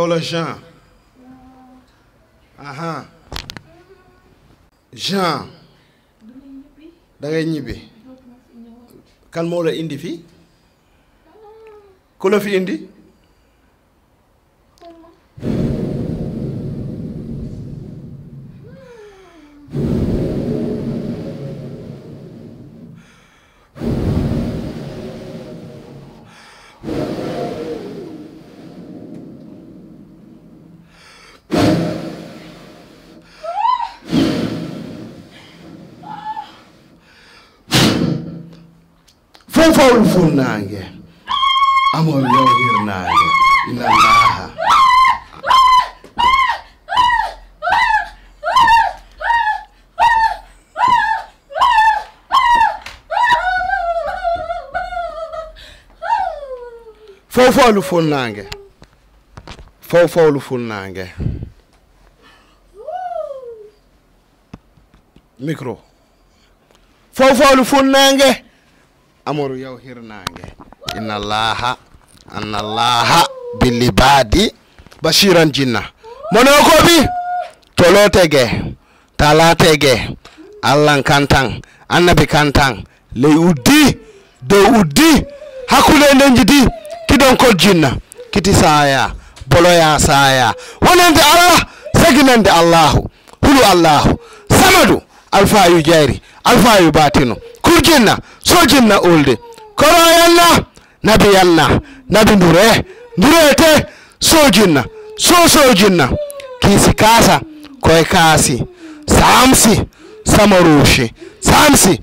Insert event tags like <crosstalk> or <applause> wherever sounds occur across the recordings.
wala Jean aha Jean da ngay ñibbi kan moo la indi fii ku la fi indi fawul funnaange amoon yow hirnaange ina fow fawlu funnaange fow fawlu funnaange micro fow fawlu funnaange amoru yow hirnaange inna allaha anna allaha bashiran jinna mono koɓi tolotege talatege allahn kantan annabi kantan ley uddi dow uddi hakkude nden jidi kiɗon kod jinna kiti saya boloya saya wonande allah saginande allahu hulu allahu samadu alfayu jayri alfayu batinu kurjinna sojinna ulde koroyanna nabiyanna nabi ndure ndurete sojinna so sojinna kiisi kaasa koye kaasi samsi samarushi samsi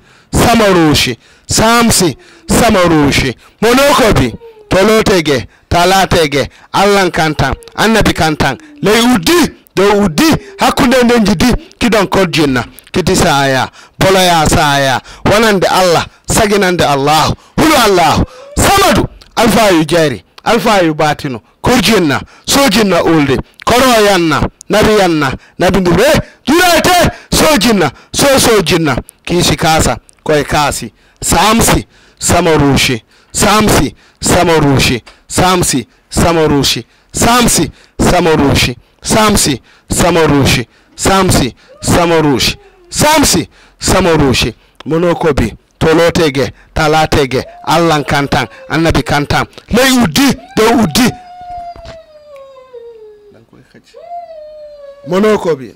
samarushi samsi samarushi monokobi tolotege talatege allahn kantan annabi kantan ley uddi dɔw udi hakkunden ki jidi kiɗon kodjunna kiti saya boloya saya wonande allah saginande allahu hulu allahu samadu alfayu jayri alfayu batino korjinna sojinna olde koroyanna nabiyanna nabi ndu e eh, durate sojinna so sojinna kiisi kaasa koye kaasi samsi sama ruushi samsi sama ruushi samsi sama ruushi samsi sama ruushi Samsi samarushi Samsi samarushi Samsi samarushi monokobi tolotege talatege allan kantan annabi kantan ley uddi dow uddi monokobi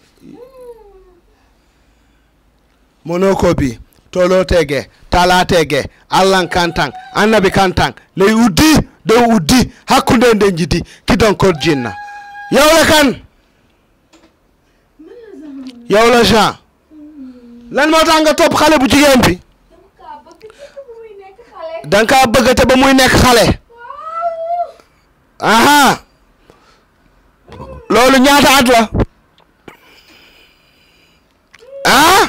monokobi tolotege talatege allan kantan annabi kantan jinna yow la kan yow la Jean lan moo tax topp xale bu jigéen bi da nga kaa bëgg ba muy nekk xale aha loolu ñaata at la ah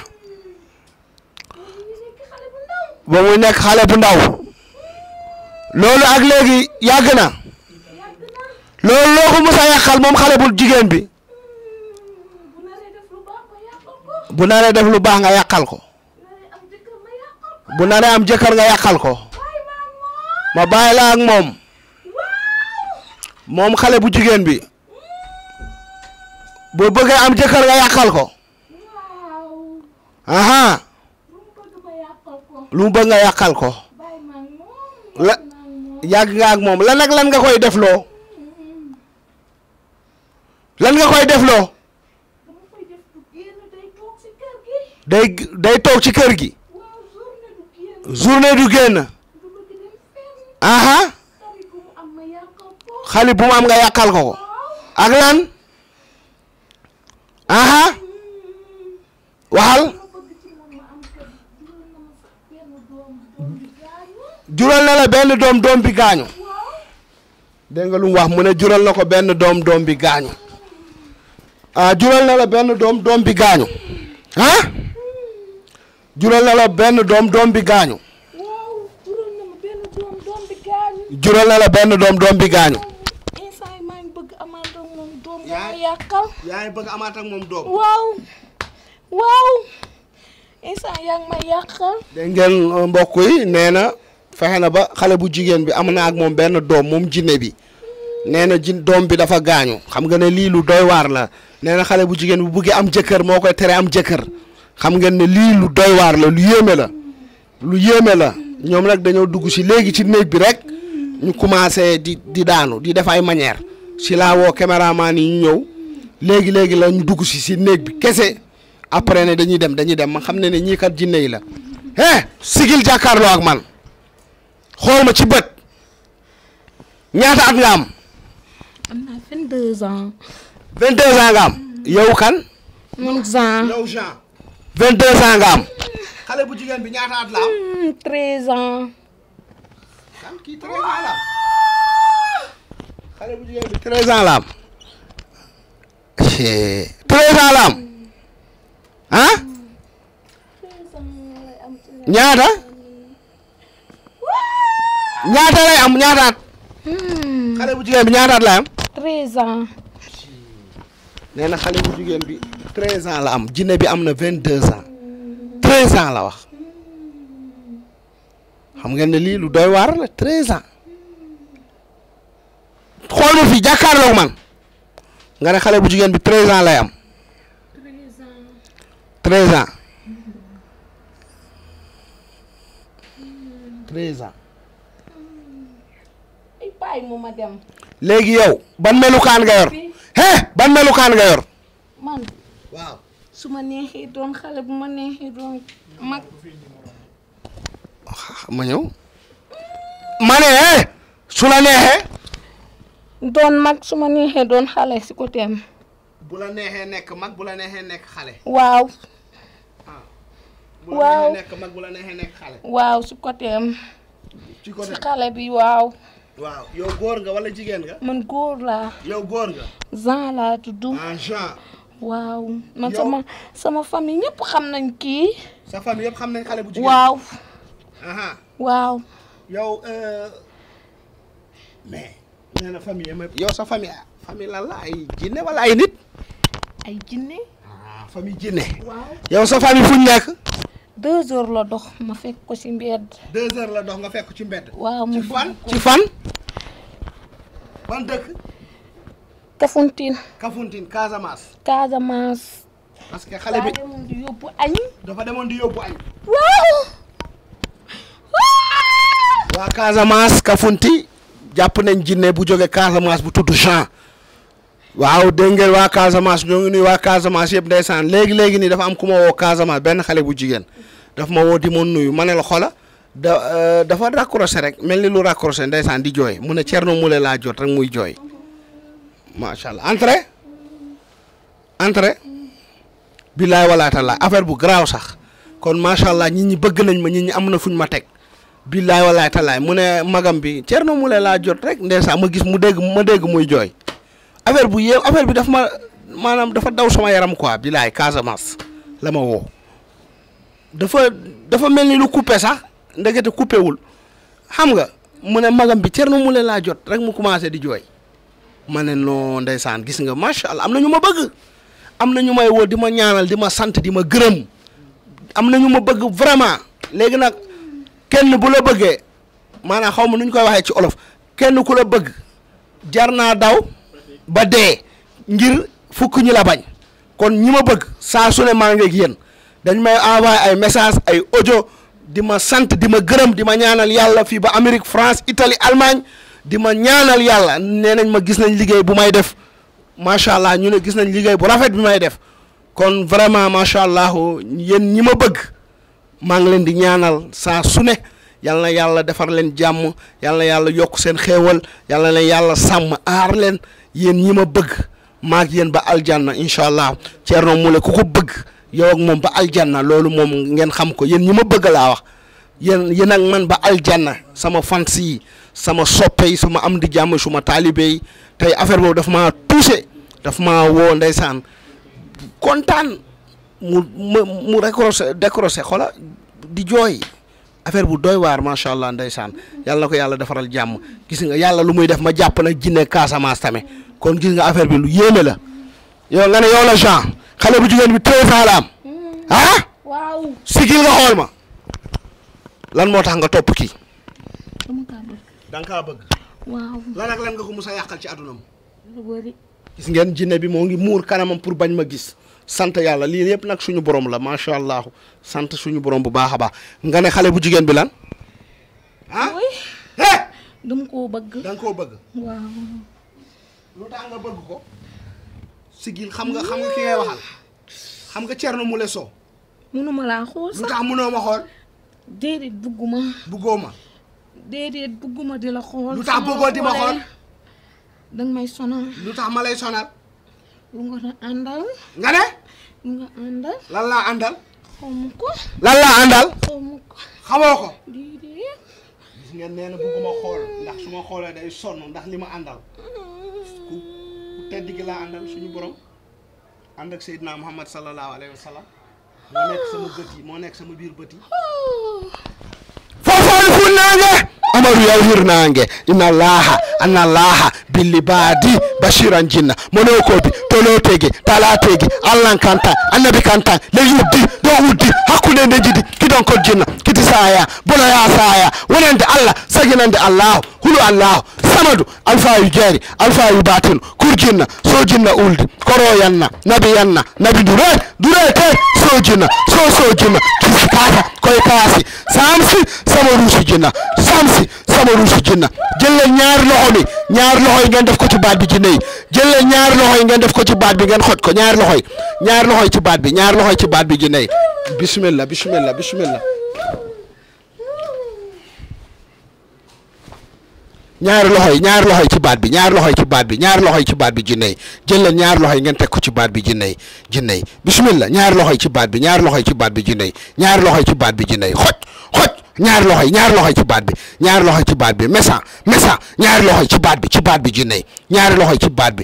ba muy nekk xale bu ndaw loolu ak léegi yàgg na. loolu loo ko musa yàqal moom xale bu jigéen bi bu naree def lu baax nga yàqal ko bu naree am jëkkër nga yàqal ko ma bàyyi moom moom xale bu jigéen bi bu bëggee am jëkkër yàqal ko aha lu mu bëgg ko la yàgg nga ak moom lan ak lan nga koy defloo lan nga koy defloo day day toog ci kër gi journée du génn aha xale bu mu am nga yàqal ko ko ak lan aha hmm. waxal jural na la benn doom doom bi gaañu dégg nga lu wax mu ne jural na ko benn doom doom bi gaañu ah jural na la benn doom doom bi gaañu ah jural na la benn doom doom bi gaañu jural na la benn doom doom bi gaañu. yaa ngi bëgg amaat ak moom doom. waaw waaw. yaa ngi yàqal. dégg euh, mbokk yi nee na fexe na ba xale bu jigéen bi am na ak moom benn doom moom jinne bi nee na jin doom bi dafa gaañu xam nga ne lii lu doy waar la. nee na xale bu jigéen bu buggee am jëkkër moo koy tere am jëkkër xam ngeen ne lii lu doywaar la lu yéeme la lu yéeme la ñoom nag dañoo dugg si léegi ci néeg bi rek ñu commencé di di daanu di def ay manière si laa woo caméraman yi ñu ñëw léegi léegi la ñu dugg si si néeg bi kese après ne dañuy dem dañuy dem ma xam ne ne ñii kat jinne yi la. eh sigil jàkkaarloo ak man xool ma ci bët ñaata at nga am. 22 ans nga am. yow kan. man Jean. yow Jean. 22 ans nga am. xale bu jigéen bi ñaata at la am. 13 hmm, ans. kan kii 13 ans la am. xale bu jigéen bi 13 ans la am. 13 <laughs> ans la am. ah. ñaata. ñaata lay am ñaataat. Hmm. xale bu jigéen bi ñaataat lay am. 13 ans. nee na xale bu jigéen bi 13 ans la am jinne bi am na 22 ans 13 ans la wax xam ngeen ne lii lu doy waar la 13 xool xoolu fi jàkkaarloog man nga ne xale bu jigéen bi 13 ans lay am 13 ans 13 ans. léegi yow ban melukaan nga yor. hé ban melukaan nga man waaw su ma neexee doon xale bu ma neexee doon mag. Ah, ma ñëw. ma ne su la neexee. doon mag su ma neexee doon xale si côté am. bu la neexee nekk mag bu la neexee nekk xale. waaw. Ah. waaw nekk mag bu la nekk xale. waaw si côté am. si xale bi waaw. waaw yow góor nga wala jigéen nga. man góor laa. yow góor nga. Jean laa tudd. ah Jean. waaw man sama sama famille ñëpp xam nañ kii. sa famille yëpp xam nañ xale bu jigéen. waaw. waaw. yow euh, mais. nee na sa fami famille ah, lal la ay jinne wala ay nit. ay jinne. ah jinne. waaw sa famille fu nekk. deux heures la dox ma fekk ko ci mbedd. deux heures la dox nga fekk ci mbedd. waaw mu ci fan ci fan. ban dëkk. Kafountine. Kafountine Casamance. parce que xale bi daa demoon di yóbbu añ. dafa demoon di yóbbu añ. waaw. waa Casamance Kafunti jàpp nañ jinne bu jóge Casamance bu tudd Jean. waaw dégg ngeen waa Casamance ñoo ngi nuyu waa Casamance yëpp ndeysaan léegi léegi nii dafa am ku ma woo Casamance benn xale bu jigéen dafa ma woo di ma nuyu ma ne la xoola da euh, dafa raccroché rek mel ni lu raccroché ndeysaan di jooy mu ne Thierno Moule laa jot muy jooy macha allah entrée entrée billaay affaire bu garaaw sax kon macha allah nit ñi bëgg nañ ma nit ñi am na fuñ ma teg. billaay walaay mu ne magam bi Thierno Moule laa jot rek ndeysaan ma gis mu dégg ma dégg muy jooy affaire bu yéem affaire bi daf ma maanaam dafa daw sama yaram quoi bilaay Casamance la ma woo dafa dafa mel ni lu coupé sax ndekete coupé xam nga mu ne magam bi mu Moule laa jot rek mu commencé di jooy ma ne non ndeysaan gis nga macha allah am na ñu ma bëgg am na ñu may woo di ma ñaanal di ma sant di ma gërëm am na ñu ma bëgg vraiment léegi nag kenn bu la bëggee maanaa xaw ma nu ñu koy waxee ci olof kenn ku la bëgg jar naa daw. ba dee ngir fukk ñu la bañ kon ñi ma bëgg saa su ne maa yéen dañ may envoyé ay message ay ojo di ma sant di ma gërëm di ma ñaanal yàlla fii ba Amérique France Italie Allemagne di ma ñaanal yàlla nee nañ ma gis nañ liggéey bu may def macha allah ñu ne gis nañ liggéey bu rafet bi may def kon vraiment macha allah yéen ñi ma bëgg maa ngi leen di ñaanal saa su ne yal na yàlla defar leen jàmm yàlla yàlla yokk seen xéewal yàlla leen yàlla sàmm aar leen. yéen ñi ma bëgg maak yéen ba aljanna incha allah Thierno Moule ku ko bëgg yow ak moom ba aljanna loolu moom ngeen xam ko yéen ñi ma bëgg laa wax yéen yéen ak man ba aljanna sama fans yi sama soppe su ma am di jàmm su ma yi tey affaire boobu dafa maa touse dafa maa woo ndeysaan kontaan mu mu mu décroché décroché xoola di jooy affaire bu doy waar macha allah ndeysaan yàlla na ko yàlla defaral jàmm gis nga yàlla lu muy def ma jàpp nag jinne Casamance tamit kon gis nga affaire bi lu yéeme la yow nga ne yow Jean xale bu jigéen bi treize ans la am hmm. ah? nga xool ma lan moo tax nga topp kii da nga kaa nga ko ci àdduna gis ngeen jinne bi moo ngi muur kanamam pour bañ ma gis sant yàlla lii yëpp nag suñu borom la macha allah sant suñu borom bu baax a baax nga ne xale bu jigéen bi lan. ah oui. bëgg. da koo bëgg. waaw. bëgg ko. sigil xam nga xam nga nga Thierno Moule Sow. munuma laa xool sax lu tax munoo ma xool. buggoo ma. déedéet bugguma di la xool. lu tax bëggoo may sonal. lu tax ma lay sonal. lu nga àndal. nga ne. lu nga àndal. lan laa àndal. xamu ko. lan laa àndal. xamu ko. xamoo ko. déedéet. ngeen nee na xool ndax su ma xoolee day sonn ndax li ma àndal ku tedd gi laa àndal suñu borom ànd ak Seydina Muhammad sallallahu alayhi wa moo nekk sama bët yi moo nekk sama biir bët yi. Oh. umaru yawhir nangue inna allaha anna allaha billibadi bashiran jinna mono kobi tolotege talatege allahn kantan annabi kantan ley uddi do uddi hakkude nde jiɗi kidon kod jinna kiti saya bonoya saya wonande allah saginande allahu hulu allahu samadu alfayu jari alfayu batinu kurjinna sojinna ulde koroyanna nabi yanna nabi duray duray te sojinna so sojinna kisi kata koye kaasi samsi sama ruusi jinna samsi sama ruusi jinna jëlle ñaar loxo ñaar loxo yi def ko ci baat bi jinne ngeen def ko ci baat bi ngeen xot ko ñaar loxo yi ñaar loxo ci baat bi ñaar loxo yi ci baat bi jinne yi bismillah bismillah bismillah ñaari loxo yi ñaari loxo yi ci baat bi ñaari loxo yi ci baat bi ñaari loxo yi ci baat bi jinne yi jël leen ñaari loxo yi ngeen teg ko ci baat bi jinne yi jinne yi bismillah ñaari loxo yi ci baat bi ñaari loxo yi ci baat bi jinne yi ñaari loxo yi ci baat bi jinne yi xoj xoj ñaari loxo yi ñaari loxo yi ci baat bi ñaari loxo yi ci baat bi mesa mesa ñaari loxo yi ci baat bi ci baat bi jinne yi ñaari loxo yi ci baat bi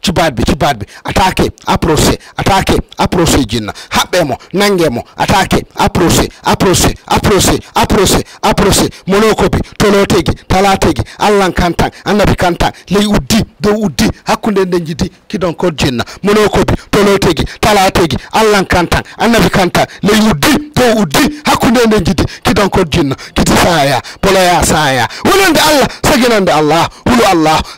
ci baat bi ci baat bi attaqué approché attaqué approché jinna haɓɓe mo nangue mo attaqué approché approché approché approché approché monokobi tolotegi talategi allahn kantan annabi kantan ley uddi dow uddi hakkude nden jidi kidon kod jinna monokobi tolotegi talategi allahn kantan annabi kantan ley uddi dow uddi hakkude nden allah saginande allah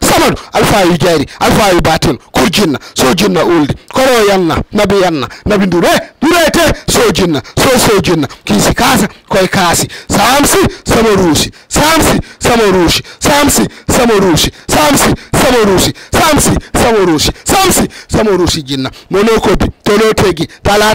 samadu alfawi jayri alfawi bat batin hujjinna sojinna uldi koro yanna nabi yanna nabi ndure eh, durete sojinna so sojinna kiisi kaasa koye kaasi samsi samo ruusi samsi samo samsi samo samsi samo jinna mono kobi tono tegi tala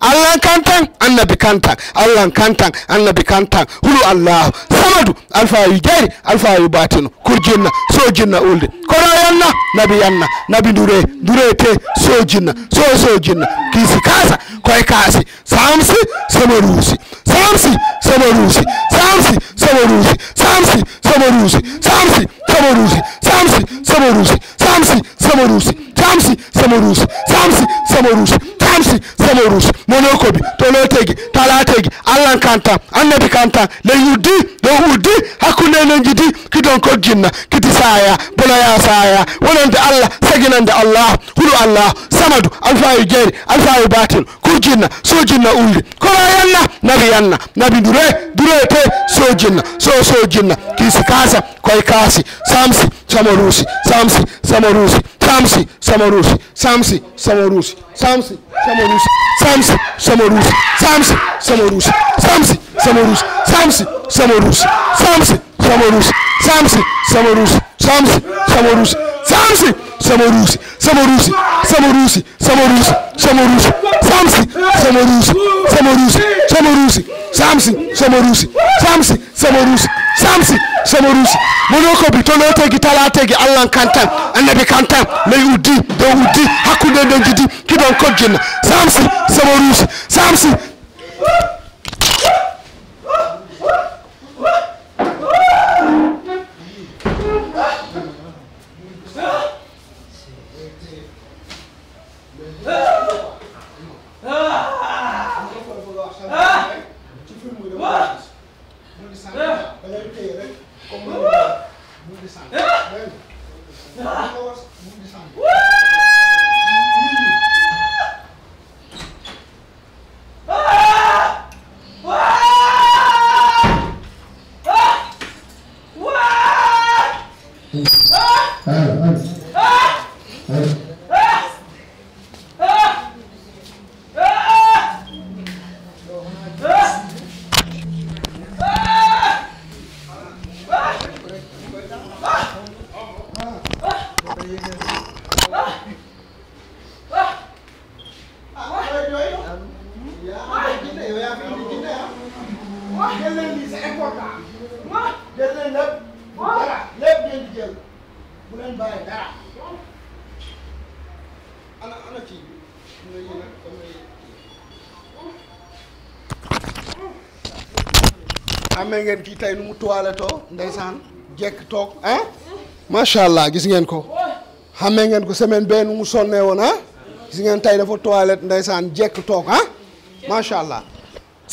allah kantan annabi kantan allah kantan annabi kantan hulu allahu samadu alfayu jayri alfayu batinu kurjinna sojinna uldi koro yanna nabi yanna nabi ndure dure durete sojinna so sojinna kiisi kaasa koye kaasi samsi somo Samsi Samarusi Samsi Samarusi Samsi Samarusi Samsi Samarusi Samsi Samarusi Samsi Samarusi Samsi Samarusi Samsi Samarusi Samsi Samarusi monoko bi tolotegi talategi allan kanta annabi kanta ley yuddi dow uddi hakkunde nen jidi kidon kogginna kiti saya boloya saya wonande allah saginande allah huɗo allah samadu alfayu jeeri alfayu batil kurjinna sojinna ulli kola yanna nabi yanna nabi dure durete sojinna so sojinna kiisi kaasa koye kaasi samsi samoruusi samsi samoruusi samsi samoruusi samsi samoruusi samsi samoruusi samsi samoruusi samsi samoruusi samsi samoruusi samsi samoruusi samsi samoruusi samsi samoruusi samsi samoruusi samsi sama ruusi sama ruusi sama ruusi sama ruusi sama ruusi samsi sama ruusi sama ruusi sama ruusi samsi sama ruusi samsi sama ruusi samsi sama ruusi mono ko bi tono tegi tala tegi allah kantan annabi kantan lay uddi do uddi hakkunde nden jidi kidon kojjinna sama ruusi ci film bi dama gis bul di sant da ngay téye rek comme bul di sant dégg nga bul di sant ngeen kii tey nu mu toilettoo ndeysaan jekk toog ah macha allah gis ngeen ko xammee ngeen ko semaine bee nu mu sonnee woon ah gis ngeen tey dafa toilette ndeysaan jekk toog ah macha allah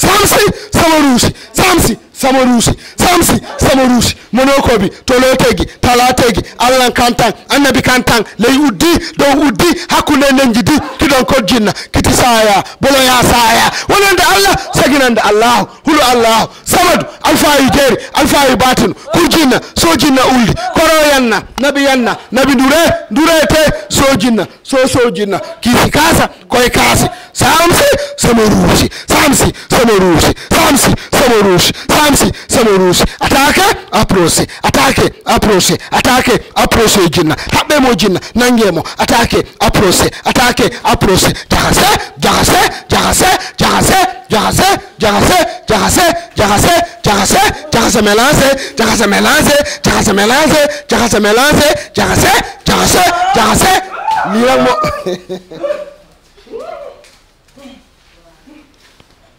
saam sama ruusi saam sama ruusi sama ruusi monokoɓe tolotegi talategi allah kantan annabi kantan ley uddi dow uddi hakkude nenji di kiɗon kojjinna kiti saya boloya saya wonande allah saginande allahu hulo allahu samadu alfayu jeeri alfayu batinu kurjinna sojinna uldi koro yanna nabi yanna nabi ndure ndurete sojinna so sojinna kiisi kaasa koye kaasi samsi somo samsi somo samsi somo samsi somo atake apro approché attaqué approché attaqué approché jinna haɓɓemo jinna nanguemo attaqué approché attaqué approché jahase jahase jahase jahase jahase jahase jahase jahase jahase jahase mélangé jahase mélangé jahase mélangé jahase mélangé jahase jahase jahase liranmo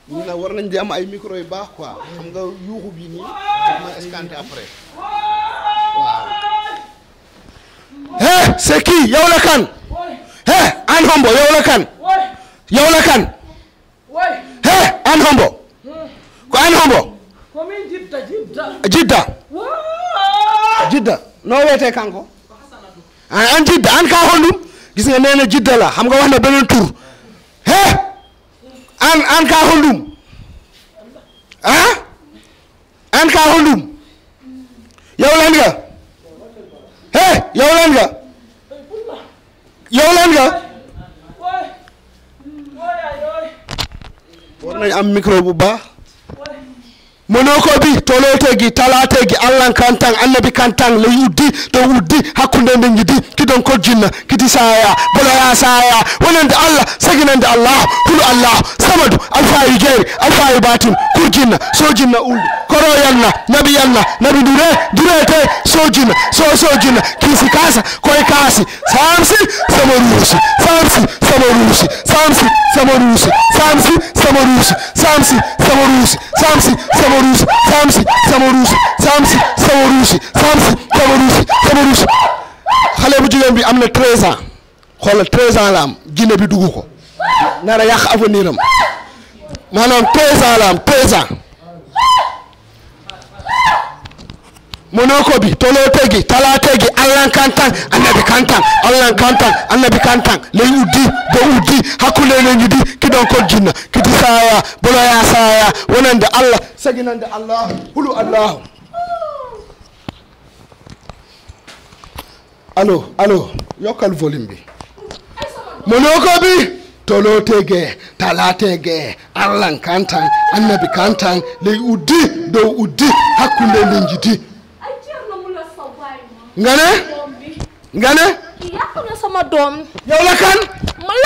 ñi <laughs> na war nañ di am ay micro yu baax quoi xam nga yuuxu bi nii ma escanté après waaw. la kan. eh Anne Hombo yow la kan. yow la kan. eh Anne Hombo. ko Anne Hombo. jidda jidda no weete kanko an jidda an ka honɗum gis nga nee na jidda la xam nga wax na beneen tur he an an ka honɗum ah an ka hollum yawlan ga he yawlan ga yawlan ga war nañ am micro bu baax mono ko bi tolotegi talategi allah kan tan annabi kan tan ley uddi dow uddi hakkunde nden jidi kidon kojjinna kiti saya boloya saya wonande allah saginande allah hulu allah samadu alfayi jeyri alfayi batin kurjinna sojinna ulde koro nabi yanna nabi dure durete sojinna so sojinna kiisi kaasa koye kaasi samsi samo samsi samo samsi samo samsi samo Samorusi Samsi Samorusi Samsi Samorusi Samsi Samorusi Samorusi xale bu jigéen bi am na 13 ans xoolal 13 ans la am jinne bi dugg ko nar a yàq avenir am maanaam 13 ans la am 13 ans. monokobi tolotegi talaategi allah kantan annabi kantan allah annabi kantan ley uddi bo uddi hakkulle len yidi kiɗon kon jinna kiti saya boloya saya wonande allah saginande allahu hulu allahu alo alo yokkal volume bi monokobi tolotege talatege allah kantan annabi kantan ley uddi dow uddi hakkunde len jidi nga ne. nga ne. yàq na sama doom. yow la kan. man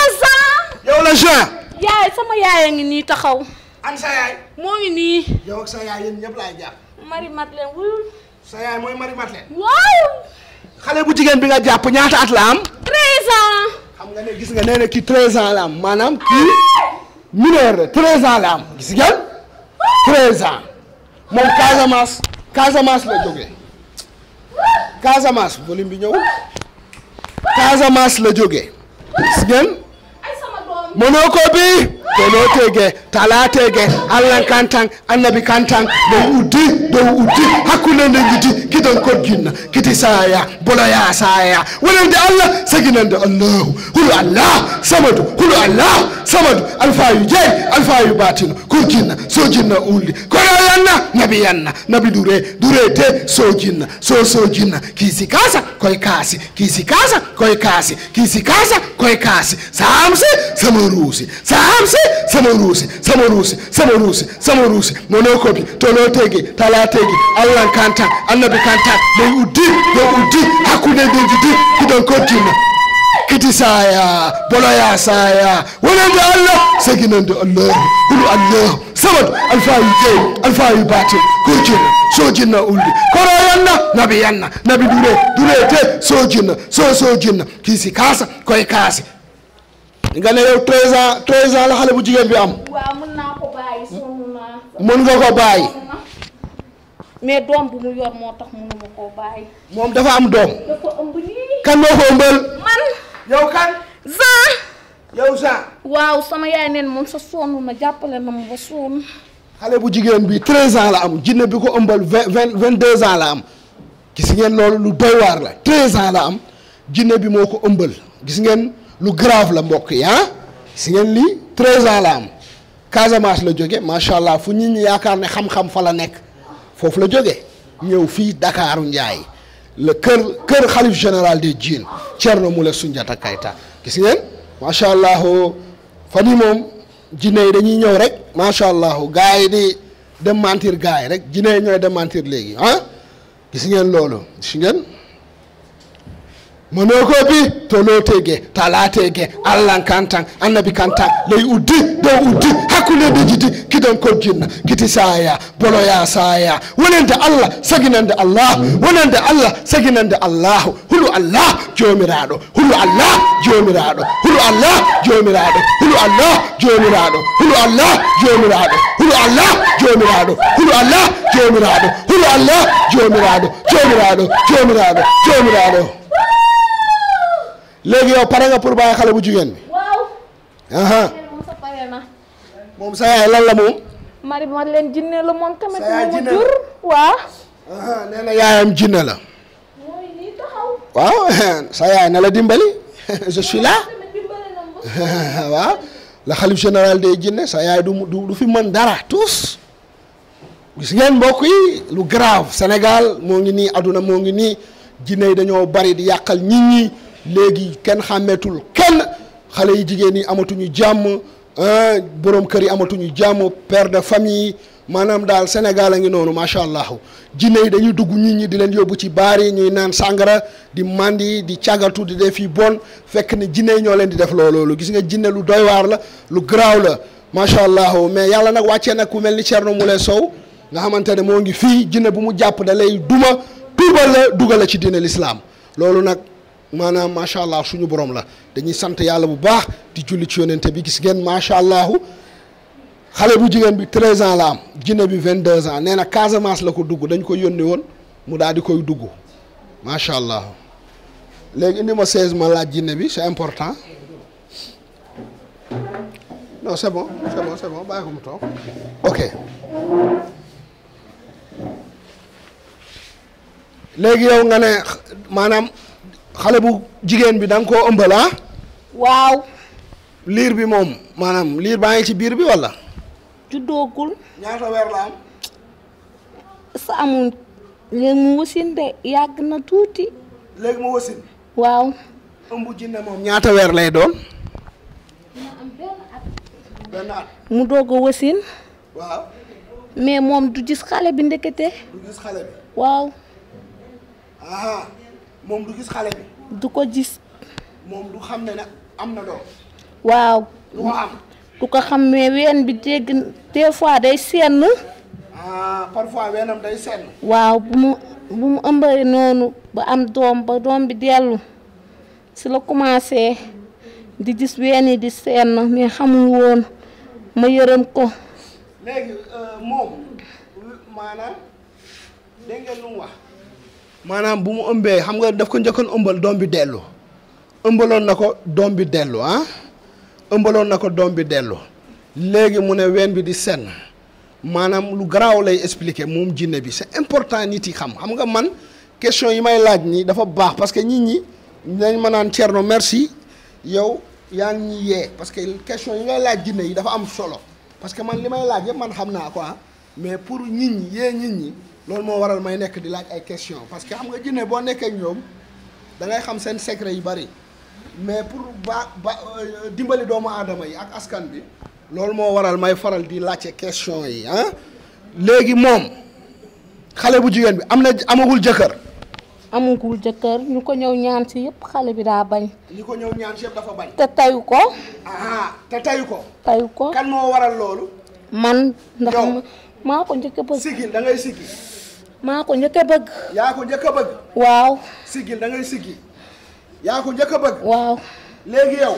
la Jean. yaay sama yaay a ngi nii taxaw. an sa yaay. moo ngi nii. yow ak sa yaay yéen ñëpp laay jàpp. Marie Madeleine wuyul. sa yaay mooy Marie Madeleine. waaw. xale bu jigéen bi nga jàpp ñaata at la am. 13 xam nga ne gis nga nee na kii 13 ans la am maanaam kii mineur la 13 la am gis ngeen. 13 moom Casamance Casamance la jógee. Casamance volume bi ñëw Casamance la jógee. gis ngeen. monoko dolotege talatege allah kan tan annabi kan dow uddi dow uddi hakkunde nde jidi kiɗon kogginna kiti saya boloya saya wonande allah saginande allahu hulu allah samadu hulu allah samadu alfayu jeyi alfayu batino kurjinna sojinna ulli kono yanna nabi yanna nabi dure dure de sojinna so sojinna kiisi kasa kiisi kasa koye kaasi kiisi kasa koye kaasi samsi sama samsi sama ruusi sama ruusi sama ruusi sama ruusi mono kobi tono tegi tala tegi annabi kanta ley uddi yo uddi hakkude leydi di kuɗon kontinno kiti saya boloya saya wonande allah saginande allahu hulu allahu samadu alfawi jeyi alfawi batin kurjinna sojinna ulli koro nabi yanna nabi dure dure sojinna sojinna kiisi kaasa koye kaasi nga ne yow treize ans treize ans la xale bu jigéen bi am. waaw naa ko bàyyi sonn naa. mën nga ko bàyyi. mais doom bu mu yor moo tax mënuma koo bàyyi. moom dafa am doom. dafa ëmb nii. kan moo ko ëmbal. man. yow kan. Jean. yow waaw sama yaay neen moom sa sonn na jàppale na ma ba sonn. xale bu jigéen bi treize ans la am jinne bi ko ëmbal vingt vingt deux ans la am gis ngeen loolu lu doy waar la treize ans la am jinne bi moo ko ëmbal gis ngeen. lu grave la mbokk yi ah si ngeen lii treize ans la am Casamance la jóge macha allah fu ñu ñi yaakaar ne xam-xam fa la nekk foofu la jóge ñëw fii Dakaaru Njaay le kër kër xalif général des Djinn Thierno Moule Soundiata Keita gis ngeen macha allah fan yi moom jinne yi dañuy ñëw rek macha allah gars yi di démentir gars yi rek jinne yi ñooy démentir léegi ah gis ngeen loolu gis ngeen. monogobi tolotege talatege allah kan tan annabi kan tan ley uddi dow uddi hakkullede jidi kidan kojjinna kiti saya boloya saya wonande allah allah saginande allahu allah jomiraɗo hulu allah jomiraɗo hulu allah hulu allah jomiraɗo hulu allah jomiraɗo hulu allah jomiraɗo hulu allah jomiraɗo hulu allah léegi yow pare nga pour bàyyi xale bu jigéen bi. waaw. moom sa yaay lan la moom. mari ma leen jinne la moom tamit. sa yaay la jur waaw. la. mooy <laughs> sa yaay na la dimbali <laughs> je suis <laughs> la xalif général day jinne sa yaay du du fi mën dara tous. gis ngeen mbokk yi lu grave Sénégal moo ngi nii àdduna moo ngi nii jinne yi dañoo bari di yàqal nit ñi. léegi kenn xàmmeetul kenn xale yi jigéen ñi amatuñu jàmm borom kër yi amatuñu jàmm père de famille maanaam daal Sénégal a ngi noonu macha allah jinne yi dañuy dugg nit ñi di leen yóbbu ci baar yi ñuy naan sàngara di màndi di càggatu di def yi bon fekk ni jinne yi ñoo leen di def loolu gis nga jinne lu doy waar la lu garaaw la macha allah mais yàlla nag wàccee nag ku mel ni Thierno Moule Sow nga xamante ne moo ngi fii jinne bi mu jàpp da lay duma tuubal la dugal la ci diine loolu nag. maanaam macha allah suñu boroom la dañuy sant yàlla bu baax di julli ci yonente bi gis ngeen macha allahu xale bu jigéen bi 13 ans la am jinne bi 22 ans nee na Casamance la ko dugg dañ ko yónni woon mu daal di koy dugg macha allah léegi indi ma 16 ma laaj jinne bi c'est important non c'est bon c'est bon bàyyi ko mu toog ok léegi yow nga ne maanaam. xale bu jigéen bi da nga koo ah? waaw. liir bi moom maanaam liir baa ngi ci biir bi walla. juddoogul. ñaata weer la sa amul léegi mu wasin de yàgg na tuuti. léegi waaw. ëmb jinne moom ñaata weer lay doon. benn at. mu doog wasin. mais moom du gis xale bi ndekete. du gis waaw. gis xale bi. du ko gis. moom du xam ne nag am na doom. waaw. du ko am. xam mais ween bi dégg des fois day senn. ah parfois weenam day waaw bu mu bu mu ëmbee noonu ba am doom ba doom bi dellu si la commencé di gis ween yi di senn mais xamul woon ma yërëm ko. léegi euh, moom maanaam dégg nga wax. maanaam bu mu ëmbee xam nga daf ko njëkkoon ëmbal doom bi dellu ëmbaloon na ko doom bi dellu ah ëmbaloon na ko doom bi dellu léegi mu ne ween bi di senn maanaam lu garaaw lay expliquer moom jinne bi c'est important nit yi xam xam nga man question yi may laaj nii dafa baax parce que nit ñi dañ ma naan Thierno merci yow yaa ngi yee parce que question yi ngay laaj jinne yi dafa am solo parce que man li may laaj yëpp man xam naa quoi ah. mais pour nit ñi yee nit ñi loolu moo waral may nekk di laaj ay question parce que xam nga jinne boo nekkee ak ñoom xam seen secret yu bari mais pour ba ba euh, dimbali doomu aadama yi ak askan bi loolu moo waral may faral di laajte question yi ah léegi moom xale bu jigéen bi am na amagul jëkkër amagul jëkkër ñu ko ñëw ñaan si yëpp xale bi daa bañ ñu ko ñëw ñaan si yëpp dafa bañ te tayu ko te tayu ko tayu ko kan moo waral loolu man ndax maa ko njëkk ba sigil da ngay maa ko njëkk a bëgg. yaa njëkk a bëgg. waaw. sigil da ngay siggi yaa ko njëkk a bëgg. waaw. léegi yow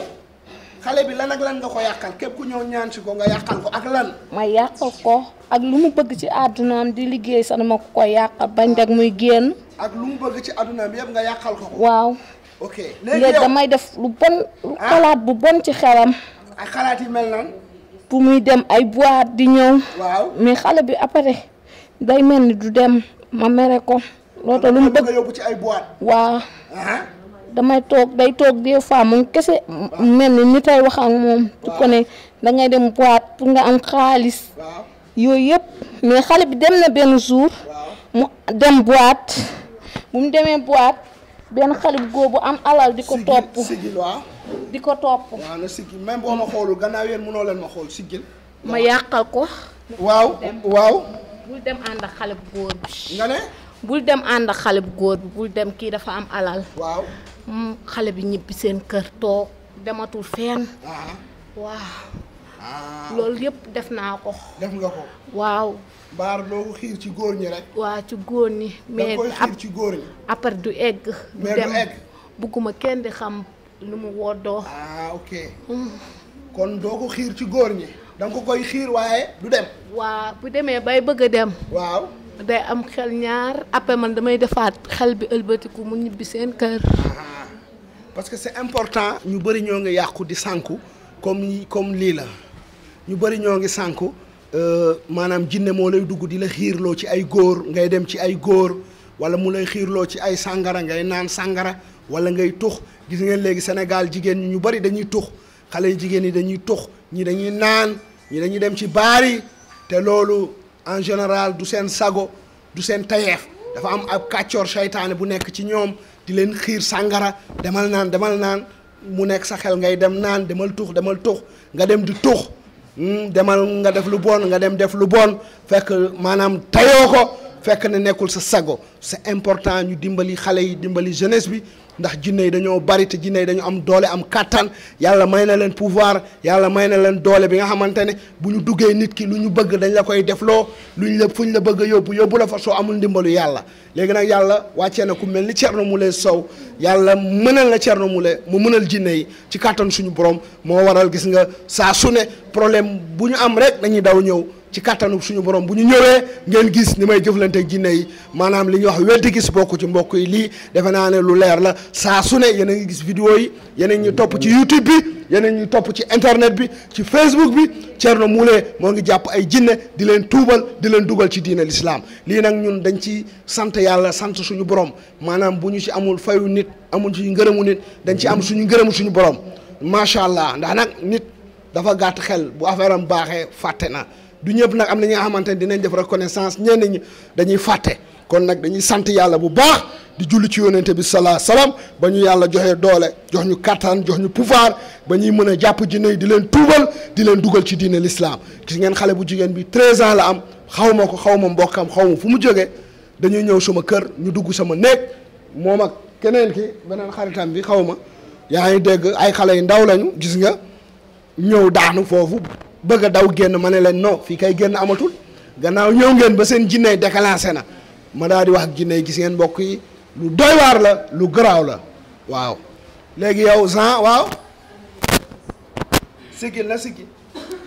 xale bi lan ak lan nga ko yàqal képp ku ñëw ñaan si ko nga yàqal ko ak lan. ma yàqal ko ak lu mu bëgg ci àddunaam di liggéey sax ma ko ko yàqal bañ rek muy génn. ak lu mu bëgg ci àddunaam yëpp nga yàqal ko ko. waaw. ok léegi damay def lu bon. lu ah. xalaat bu bon ci xelam. ak xalaat yi mel nan. bu muy dem ay boîte di ñëw. waaw mais xale bi après. day mel ni du dem ma mere ko loolu tax lu mu bëgg ci ay boîte waaw damay toog day toog des fois moom kese mel ni ni tey wax ak moom su ko ne dangay dem boîte pour nga am xaalis yooyu yëpp mais xale bi dem na benn jour mu dem boîte bu mu demee boîte benn xale bu góor bu am alal di ko topp di ko topp waaw na sigil boo ma xoolul gannaaw yéen mënoo leen ma xool sigil ma yàqal ko waaw waaw bul dem ànd xale bu góor bi. nga ne. bul dem ànd xale bu góor bi bul dem kii dafa am alal. waaw mm, xale bi ñibbi seen kër toog dematul fenn. Ah. waaw. Ah. loolu yëpp def naa ko. def nga ko. waaw. mbaar doo xiir ci góor ñi rek. waaw ci góor ni mais ab ci góor ñi. après du egg. du dem bugguma kenn di xam lu mu woddoo. ah mm. kon doo ko xiir ci góor ñi. da koy xiir waaye du dem. waa bu demee bay bëgg a dem. waaw day am xel ñaar après man damay defaat xel bi ëlbatiku mu ñibbi seen kër. parce que c'est important. ñu bëri ñoo ngi yàqu di sànku comme comme lii la ñu bëri ñoo ngi sànku euh, maanaam jinne moo lay dugg di la xiirloo ci ay góor ngay dem ci ay góor wala mu lay xiirloo ci ay sàngara ngay naan sàngara wala ngay tux gis ngeen léegi senegal jigéen ñu bari dañuy tux xale yu jigéen ñi dañuy tux. ñi dañuy naan ñi dañuy dem ci baar yi te loolu en général du seen sago du seen tayeef dafa am ab kàccoor seytaane bu nekk ci ñoom di leen xiir sàngara demal naan demal naan mu nekk sa xel ngay dem naan demal tux demal tux nga dem di tux hmm, demal nga def lu bon nga dem def lu bon fekk maanaam tayoo ko fekk ne nekkul sa sago c'est important ñu dimbali xale yi dimbali jeunesse bi ndax jinne yi dañoo bari te jinne yi dañu am doole am kàttan yàlla may na leen pouvoir yàlla may na leen doole bi nga xamante ne bu ñu duggee nit ki lu ñu bëgg dañ la koy defloo lu ñu la fu ñu la bëgg a yóbbu yóbbu la fa soo amul ndimbalu yàlla léegi nag yàlla wàccee na ku mel ni Thierno Moule Sow yàlla mënal la Thierno Moule mu mënal jinne yi ci kàttan suñu borom moo waral gis nga saa su ne problème bu ñu am rek dañuy daw ñëw ci kattanu suñu borom bu ñu ñëwee ngeen gis ni may jëflante ak jinne yi maanaam li ñuy wax weddi gis bokk ci mbokk yi lii defe naa ne lu leer la saa su ne yéen a ngi gis vidéo yi yéen a ngi topp ci YouTube bi. yeneen ñu topp ci internet bi ci Facebook bi na Moule moo ngi jàpp ay jinne di leen tuubal di leen dugal ci diine l'islam lii nag ñun dañ ci sant yàlla sant suñu borom maanaam bu ñu ci amul fayu nit amul ci ngërëmu nit dañ ci am suñu ngërëmu suñu borom macha allah ndax nit dafa gàtt xel bu affaire am baaxee fàtte na du ñëpp nag am na nga xamante ne dinañ def reconnaissance ñenn ñi dañuy fàtte kon nag dañuy sant yàlla bu baax di julli ci yonente bi salaa salaam ba ñu yàlla joxe doole jox ñu kattan jox ñu pouvoir ba ñuy mën a jàpp jinne yi di leen tuubal di leen dugal ci diine lislaam gis ngeen xale bu jigéen bi 13 ans la am xawma ko xaw ma am xaw ma fu mu jógee dañuy ñëw sama kër ñu dugg sama néeg moom ak keneen ki beneen xaritam bi xaw ma yaa ngi dégg ay xale yu ndaw lañu gis nga ñëw daanu foofu bëgg a daw génn ma ne leen non fii kay génn amatul gannaaw ñëw ngeen ba seen jinne déclenché na ma daal di wax ak gis ngeen mbokk yi lu doy waar la lu garaaw la waaw léegi yow Jean waaw sigil na sigil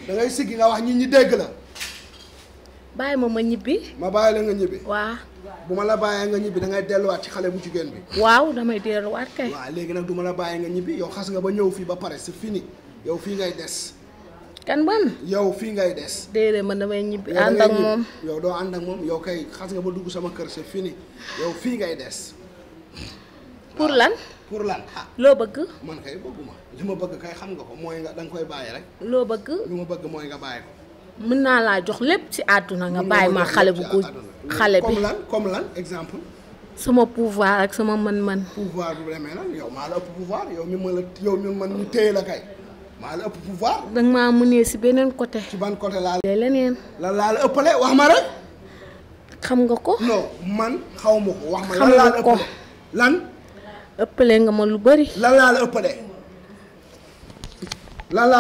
da ngay sigil nga wax ñi ñi dégg la bàyyi ma ma ñibbi ma bàyyi la nga ñibbi waaw bu ma la bàyyee nga ñibbi da ngay delluwaat ci xale bu jigéen bi waaw damay delluwaat kay waaw léegi nag du ma la bàyyee nga ñibbi yow xas nga ba ñëw fii ba pare c'est fini yow fii ngay des kenn man yow fii ngay des. déedéet man damay ñibbi ànd ak moom yow doo ànd ak moom yow kay xas nga ba dugg sama kër c'est fini yow fii ngay des. pour lan. pour lan ah. loo bëgg. man kay bëgguma li ma bëgg kay xam nga ko mooy nga danga koy bàyyi rek. loo bëgg. li ma bëgg mooy nga bàyyi ko. mën naa laa jox lépp ci àdduna nga bàyyi ma xale bu ko xale bi comme lan comme lan exemple. sama pouvoir ak sama man man pouvoir bu demee nag yow maa la ëpp pouvoir yow mi ma yow mi man ñu la kay. maa la ëpp pouvoir. da nga maa mënee si beneen côté. ci ban côté laa la. leneen. la laa la ëppale wax ma rek. xam nga ko. non man xaw ko wax ma. lan laa la ëppale lan. ëppale nga ma lu bari. lan laa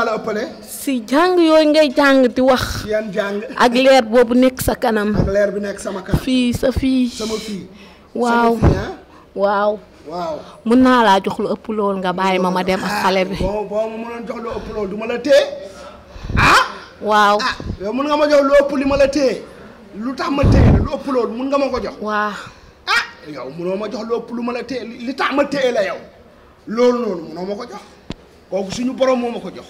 la ëppale. si jàng yooyu ngay jàng di wax. yan jàng. ak leer boobu nekk sa kanam. leer bi nekk sama fii sa sama fii. waaw ah. waaw. waaw mun naa laa jox lu ëpp lool nga bàyyi ma ma dem ak xale bi. boo boo ma mënoon jox lu ëpp lool du ma la téye ah. waaw ah ma jox li ma la téye lu tax ma téye nga ma ko jox. waaw ah yow munoo ma jox lu lu ma la téye li tax ma téye la yow loolu ko jox kooku suñu borom moo ma ko jox.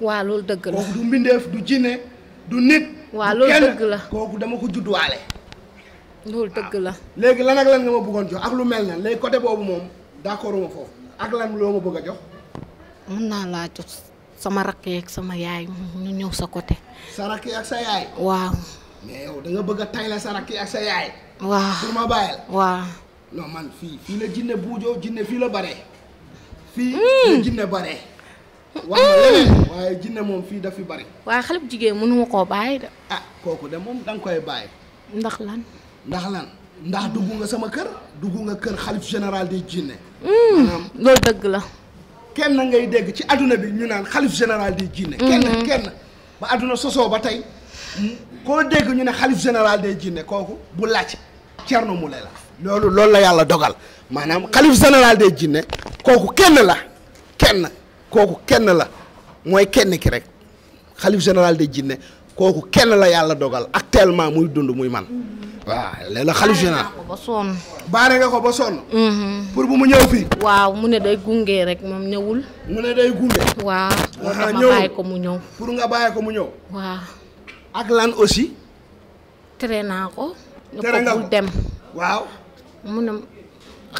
waaw loolu dëgg la kooku du mbindeef du jinne du nit. waaw loolu dëgg la kooku dama ko juddwaale. loolu dëgg la ah. léegi lan ak lan nga ma bëggoon jox ak lu mel na lay côté boobu moom d'accord ma foofu ak lan loo ma bëgg a jox. mën naa laa jox sama rakk yeeg sama yaay ñu ñëw sa côté. sa rakk yi ak sa yaay. waaw. mais yow da bëgg a tayle sa rakk ak sa yaay. waaw pour ma bàyyil. waaw. non man fii fii la jinne buujoo jinne fii la bare. fii mm. la jinne bare. waaye jinne moom fii daf fi bare. waaye xale bu jigéen mënu koo bàyyi de. ah kooku de moom da koy bàyyi. ndax ndax lan ndax dugg nga sama kër dugg nga kër xalif général des jinne hmm, maanaam loolu dëgg la kenn ngay dégg ci àdduna bi ñu naan xalif général des jinne hmm. kenn kenn ba adduna sosoo ba tey koo dégg ñu ne xalif général des jinne kooku bu laaj Thierno Moule la loolu loolu la yàlla dogal maanaam xalif général des jinne kooku kenn la kenn kooku kenn la mooy kenn ki rek xalif général de jinne kooku kenn la yàlla dogal actuellement muy dund muy man waaw léeg-léeg xalif ba sonn baare nga ko ba sonn mhm. pour bu mu ñëw fii waaw mu ne day gunge rek moom ñëwul mu ne day gunge waaw ko mu ñëw pour nga bàyyi ko mu ñëw ak lan aussi tere naa ko ñu dem waaw mu ne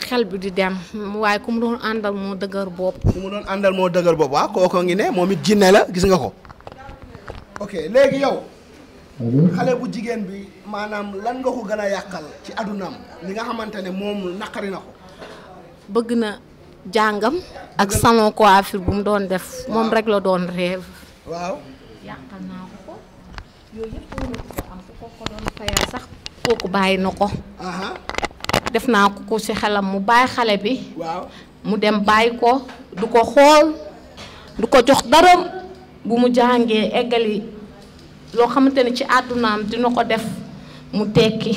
xel bi di dem waaye ku mu doon àndal moo dëgër bopp ku mu doon àndal moo dëgër bopp waaw kooko ngi ne moom it jinne la gis nga ko ok léegi yow. xale bu jigéen bi maanaam lan nga ko gën a yàqal ci adunaam li nga xamante ne moom naqari na ko. bëgg na jàngam. ak salon coiffure bu mu doon def. moom rek la doon rêve. waaw. yàqal naa ko ko kooku bàyyi na ko. def naa ko ko ci xelam mu bàyyi xale bi. waaw mu dem bàyyi ko du ko xool du ko jox dara. bu mu jàngee eggali loo xamante ne ci àddunaam dina ko def mu tekki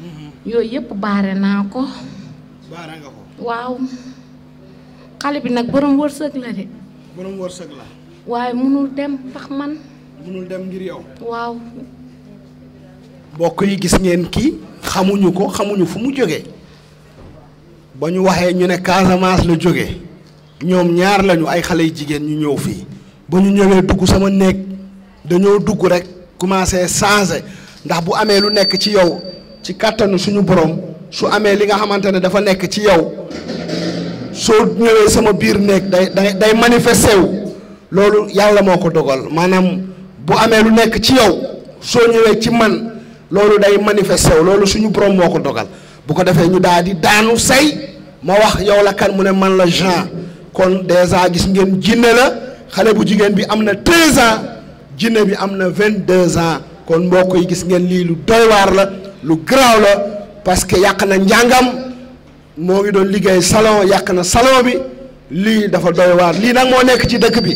mm-hmm. yooyu yëpp baare naa ko baare nga waaw xale bi nag borom wërsëg la de borom wërsëg la waaye munul dem tax man munul dem ngir yow waaw mbokk yi gis ngeen kii xamuñu ko xamuñu fu mu jóge ba ñu waxee ñu ne Casamance la jóge ñoom ñaar lañu ay xale yu jigéen ñu ñëw fii ba ñu ñëwee dugg sama néeg dañoo dugg rek commencé changé ndax bu amee lu nekk ci yow ci kàttanu suñu borom su amee li nga xamante ne dafa nekk ci yow soo ñëwee sama biir néeg day day day manifesté wu loolu yàlla moo ko dogal maanaam bu amee lu nekk ci yow soo ñëwee ci man loolu day manifesté wu loolu suñu borom moo ko dogal bu ko defee ñu daal di daanu say ma wax yow la kan mu ne man la Jean kon déjà gis ngeen jinne la. xale bu jigéen bi am na treize ans jinne bi am na vingt deux ans kon mbokk yi gis ngeen lii lu doy la lu garaaw la parce que yàq na njàngam moo ngi doon liggéey salon yàq na salon bi lii dafa doy lii nag moo nekk ci dëkk bi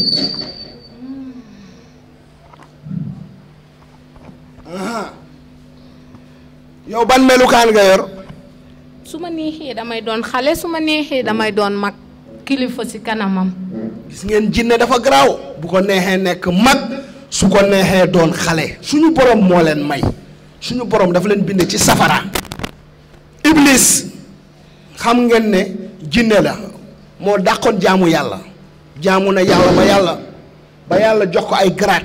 yow ban melukaan nga yor. su ma neexee damay doon xale su ma neexee damay doon mag. kilifa si kanamam. gis ngeen jinne dafa garaaw bu ko neexee nekk mag su ko neexee doon xale suñu boroom moo leen may suñu borom dafa leen bind ci safara. Iblis xam ngeen ne jinne la moo dàqoon jaamu yàlla jaamu na yàlla ba yàlla ba yàlla jox ko ay garaat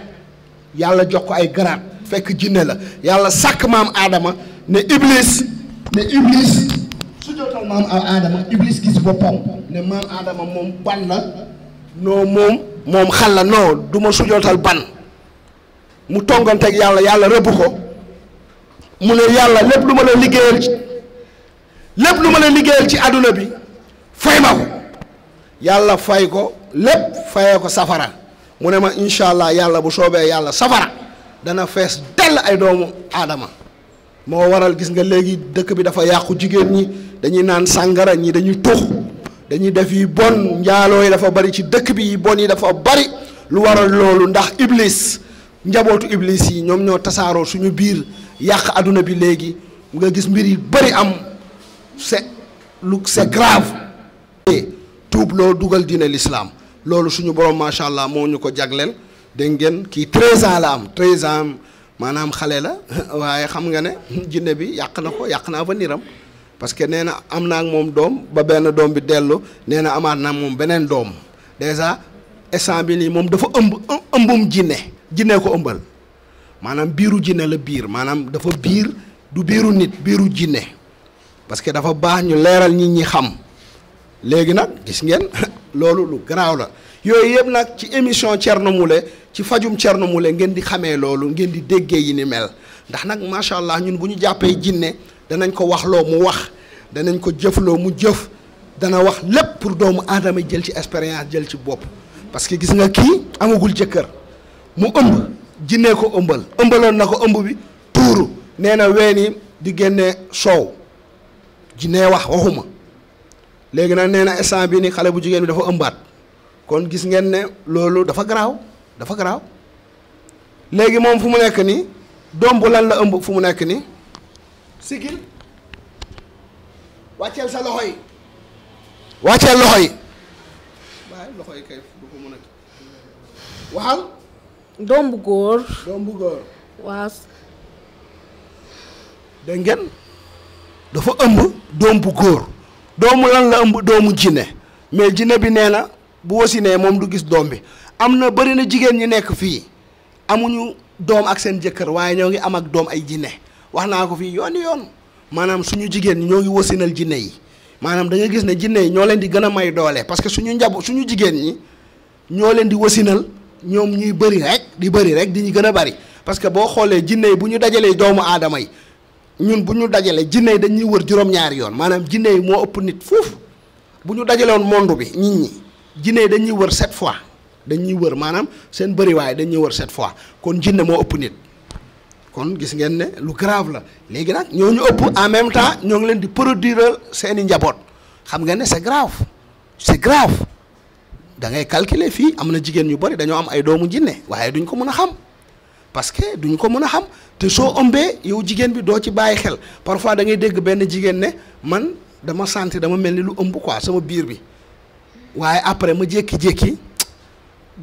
yàlla jox ko ay garaat fekk jinne la yàlla sàkk maam Aadama ne Iblis ne Iblis. sujootal maam aadama iblis gis boppam ne maam aadama moom ban la non moom moom xal la non du ma sujootal ban mu tonganteeg yàlla yàlla rëbb ko mu ne yàlla lépp lu ma la liggéeyal ci lépp lu ma la ci àdduna bi fay ma ko yàlla fay ko lépp fayee ko safara mu ne ma incha allah yàlla bu soobee yàlla safara dana fees dell ay doomu aadama moo waral gis nga léegi dëkk bi dafa yàqu jigéen ñi dañuy naan sàngara ñi dañuy tux dañuy def yi bon njaaloo yi dafa bari ci dëkk bi yi bon yi dafa bari lu waral loolu ndax iblis njabootu iblis yi ñoom ñoo tasaaroo suñu biir yàq àdduna bi léegi nga gis mbir yi bari am c'est lu c'est grave tuub loo dugal diine lislaam loolu suñu borom macha allah moo ñu ko jagleel dégg ngeen kii 13 ans la am 13 ans maanaam xale la waaye xam nga ne jinne bi yàq na ko yàq naa fa niram parce que nee na am naa ak moom doom ba benn doom bi dellu nee na amaat naa moom beneen doom dèjà instant bi nii moom dafa ëmb ëmbum jinne jinne ko ëmbal maanaam biiru jinne la biir maanaam dafa biir du biiru nit biiru jinne parce que dafa baax ñu leeral nit ñi xam léegi nag gis ngeen <laughs> loolu lu garaaw la yooyu yëpp nag ci émission Thierno Moule ci fajum Thierno Moule ngeen di xamee loolu ngeen di déggee yi ni mel ndax nag macha allah ñun bu ñu jàppee jinne danañ ko wax loo mu wax danañ ko jëfloo mu jëf dana wax lépp pour doomu aadama jël ci expérience jël ci bopp parce que gis nga kii amagul jëkkër mu ëmb jinnee ko ëmbal ëmbaloon na ko ëmb bi tuuru nee na weeni di génne soow jinnee wax waxuma léegi nag nee na instant bi ni xale bu jigéen bi dafa ëmbaat kon gis ngeen ne loolu dafa garaaw dafa garaaw léegi moom fu mu nekk nii doom bu lan la ëmb fu mu nekk nii sigil wàcceel sa loxo yi wàcceel loxo yi waaye loxo yi kay du ko mën a waxal doom bu góor doom góor waaw dégg dafa ëmb doom bu góor doomu lan la ëmb doomu jinne mais jinne bi nee na bu wasinee moom du gis doom bi am na bëri na jigéen ñi nekk fii amuñu doom ak seen jëkkër waaye ñoo ngi am ak doom ay jinne wax naa ko fii yoon yoon maanaam suñu jigéen ñi ñoo ngi wasinal jinne yi maanaam da gis ne jinne yi ñoo leen di gën a may doole parce que suñu njab suñu jigéen ñi ñoo leen di wasinal ñoom ñuy bëri rek di bëri rek di ñu gën a bari parce que boo xoolee jinne yi bu ñu dajalee doomu aadama yi ñun bu ñu dajalee jinne yi dañuy wër juróom-ñaari yoon maanaam jinne yi moo ëpp nit foofu bu ñu dajalewoon monde bi nit ñi jinne yi dañuy wër sept fois dañuy wër maanaam seen bëriwaay dañuy wër cette fois kon jinne moo ëpp nit kon gis ngeen ne lu grave la léegi nag ñoo ñu ëpp en même temps ñoo ngi leen di produire seeni njaboot xam nga ne c'est grave c'est grave da ngay calculer fii am na jigéen ñu bëri dañoo am ay doomu jinne waaye duñ ko mën a xam parce que duñ ko mën a xam te soo ëmbee yow jigéen bi doo ci bàyyi xel parfois da ngay dégg benn jigéen ne man dama santé dama mel ni lu ëmb quoi sama biir bi waaye après ma jékki